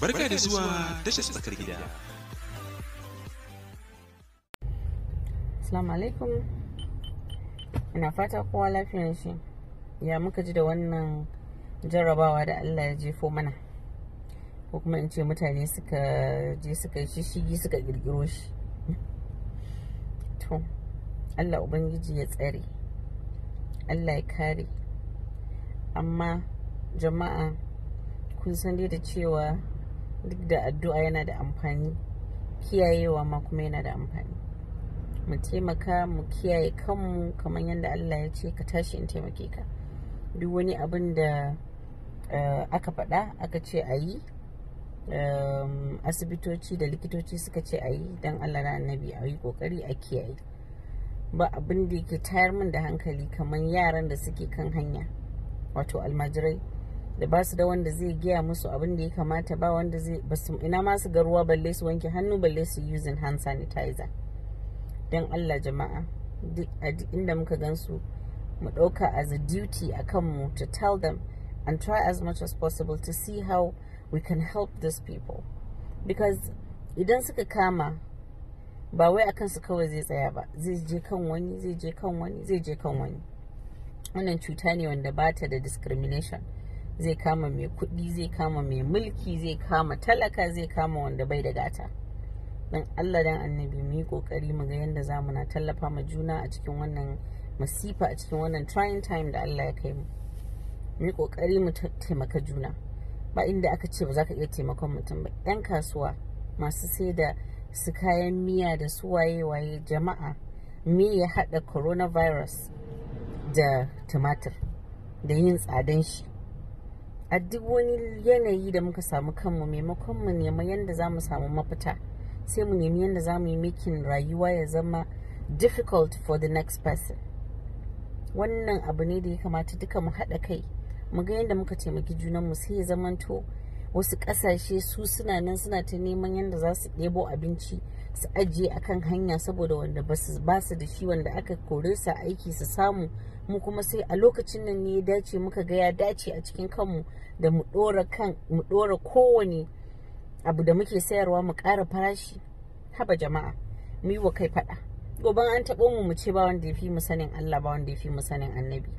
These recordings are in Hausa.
Barka da zuwa tashar tsakar gida. Assalamu alaikum. Ina fata kowa lafiyar shi. Ya muka ji da wannan jarrabawa da Allah ya jefo mana. Ko kuma in ce mutane suka je suka yi shishigi suka girgiro shi. To, Allah Ubangiji ya tsare. Allah ya kare. Amma jama'a kun san dai da cewa duk da addu'a yana da amfani kiyayewa ma kuma yana da amfani mu taimaka mu kiyaye kanmu kamar yadda Allah ya ce ka tashi in taimake ka duk wani abin da eh, aka faɗa aka ce a yi ehm, asibitoci da likitoci suka ce a yi don Allah na annabi a yi kokari a kiyaye ba abin da yake tayar min da hankali kamar yaran da suke kan hanya wato almajirai da ba su da wanda zai gaya musu abin da ya kamata ba wanda zai basu ina ma su ruwa balle su wanke hannu balle su using hand sanitizer don Allah jama'a duk inda muka gansu mu ɗauka as a duty a kanmu to tell them and try as much as possible to see how we can help these people because idan suka kama ba wai akan su kawai zai tsaya ba zai je kan wani zai je kan wani zai je kan wani wannan cuta ne wanda ba ta da discrimination zai kama mai kuɗi zai kama mai mulki zai kama talaka zai kama wanda bai da gata don allah dan annabi mu yi kokari mu ga yadda za mu na tallafa ma juna a cikin wannan masifa a cikin wannan trying time da allah ya kai mu mu yi kokari mu taimaka juna ba inda aka ce ba za ka iya taimakon mutum ba yan kasuwa masu sai da su kayan miya da su waye waye jama'a me ya haɗa coronavirus da tumatir da yin tsadan shi a duk wani yanayi da muka samu kanmu maimakon mu nemi yadda za mu samu mafita sai mu nemi yadda za mu yi makin rayuwa ya zama difficult for the next person wannan abu ne da ya kamata duka mu haɗa kai mu ga yadda muka taimaki junanmu sai ya zamanto wasu ƙasashe su suna nan suna ta neman yadda za su ɗebo abinci su ajiye a kan hanya saboda wanda ba su da shi wanda aka kore su aiki su samu mu kuma sai a lokacin nan ne ya dace muka ga ya dace a cikin kanmu da mu ɗora kowane abu da muke sayarwa mu ƙara farashi haba jama'a mu yi wa kai faɗa goban an taɓo mu mu ce ba wanda ya fi mu sanin Allah ba wanda ya fi mu sanin annabi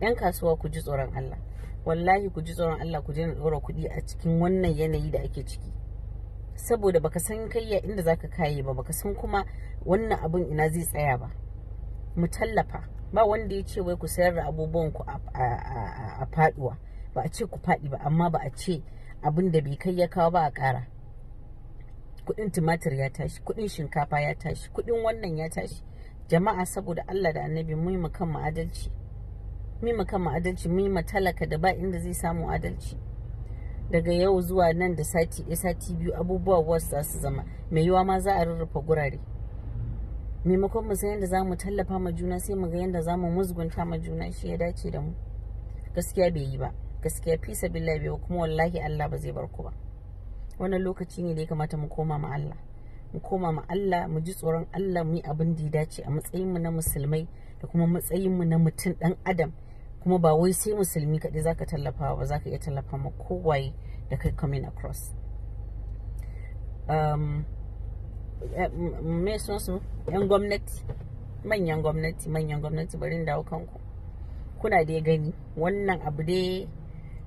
'yan kasuwa ku ji tsoron Allah wallahi ku ji tsoron Allah ku daina ɗora kuɗi a cikin wannan yanayi da ake ciki saboda baka san kai ya inda zaka kaye ba baka san kuma wannan abun ina zai tsaya ba mu tallafa ba wanda ya ce wai ku sayar da abubuwan ku a faduwa ba a ce ku faɗi ba amma ba a ce abin da bai kai ya kawo ba a ƙara kuɗin tumatir ya tashi kuɗin shinkafa ya tashi kuɗin wannan ya tashi jama'a saboda Allah da annabi mu kan mu adalci mima kama adalci mima talaka da ba inda zai samu adalci daga yau zuwa nan da sati ɗaya sati biyu abubuwa wasu za su zama mai yiwa ma za a rarrafa gurare maimakon mu san yadda za mu tallafa ma juna sai mu ga yadda za mu musgunta ma juna shi ya dace da mu gaskiya bai yi ba gaskiya fi sabillahi bai kuma wallahi Allah ba zai bar ku ba wannan lokaci ne da ya kamata mu koma ma Allah mu koma ma Allah mu ji tsoron Allah mu yi abin da ya dace a matsayin mu na musulmai da kuma matsayin mu na mutum dan adam kuma ba wai sai musulmi kaɗai zaka tallafa ba zaka iya tallafa ma kowai da kai coming across mai um, eh, sun su yan gwamnati manyan gwamnati manyan gwamnati bari dawo kanku kuna dai gani wannan abu dai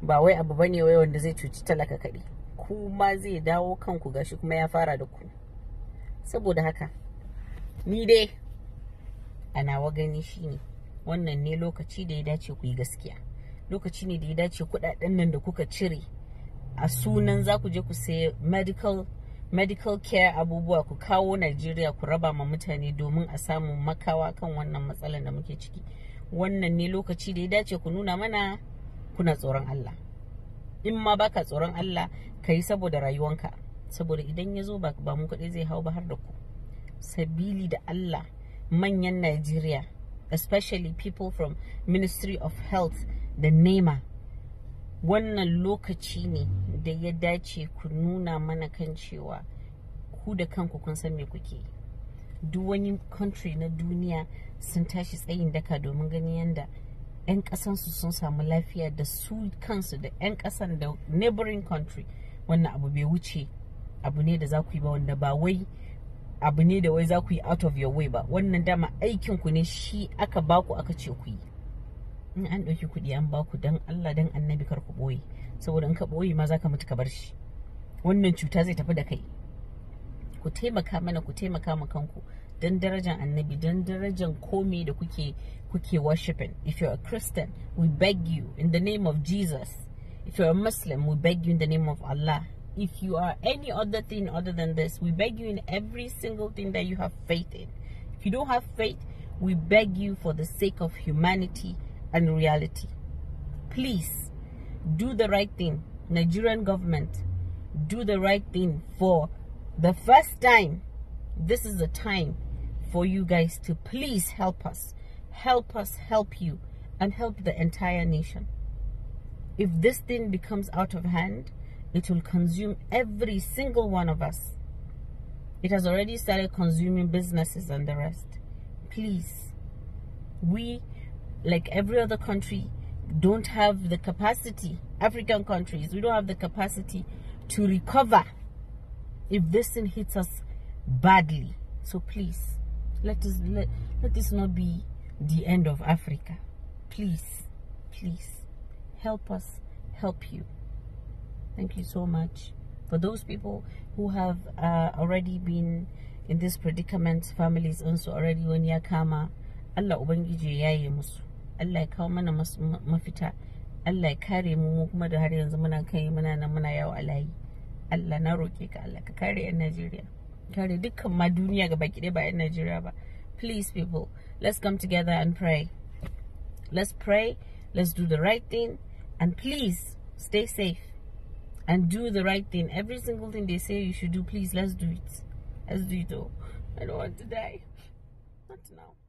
ba wai abu bane wai wanda zai cuci talaka kaɗai kuma zai dawo kanku gashi kuma ya fara da ku saboda haka ni dai a nawa gani shi ne. wannan ne lokaci da ya dace ku yi gaskiya lokaci ne da ya dace kudaden nan da kuka cire a sunan za ku je ku sayi medical medical care abubuwa ku kawo Najeriya ku raba ma mutane domin a samu makawa kan wannan matsalar da muke ciki wannan ne lokaci da ya dace ku nuna mana kuna tsoron Allah in ma baka tsoron Allah ka yi saboda rayuwanka saboda idan ya zo ba mu kudi zai hau ba har da ku sabili da Allah manyan Najeriya especially people from ministry of health da nema wannan lokaci ne da ya dace ku nuna mana kan cewa ku da kanku kun san me kuke duk wani country na duniya sun tashi tsayin daka domin ganin yadda 'yan kasansu sun samu lafiya da su kansu da 'yan kasan da neighboring country wannan abu bai wuce abu ne da za ku yi ba wanda ba wai abu ne da wai za ku yi out of your way ba wannan dama aikin ku ne shi aka baku aka ce ku yi in an ɗauki kuɗi an baku dan Allah dan annabi kar ku boye saboda in ka boye ma za ka mutu ka bar shi wannan cuta zai tafi da kai ku taimaka mana ku taimaka ma kanku dan darajan annabi dan darajan komai da kuke kuke worshiping if you are a christian we beg you in the name of jesus if you are a muslim we beg you in the name of allah if you are any other thing other than this, we beg you in every single thing that you have faith in. If you don't have faith, we beg you for the sake of humanity and reality. Please do the right thing. Nigerian government, do the right thing for the first time. This is the time for you guys to please help us. Help us help you and help the entire nation. If this thing becomes out of hand, it will consume every single one of us. It has already started consuming businesses and the rest. Please, we, like every other country, don't have the capacity, African countries, we don't have the capacity to recover if this thing hits us badly. So please, let this, let, let this not be the end of Africa. Please, please, help us help you. Thank you so much. For those people who have uh, already been in this predicament, families also already when ya kama, Allah Ubangiji ya musu. Allah ya kawo mana mafita. Allah ya kare mu mu kuma da har yanzu muna kai muna nan muna yawo a Allah na roƙe ka Allah ka kare 'yan Nigeria. Kare dukkan ma duniya gaba ɗaya ba 'yan Najeriya ba. Please people, let's come together and pray. Let's pray, let's do the right thing, and please stay safe and do the right thing. Every single thing they say you should do, please, let's do it. Let's do it though. I don't want to die. Not now.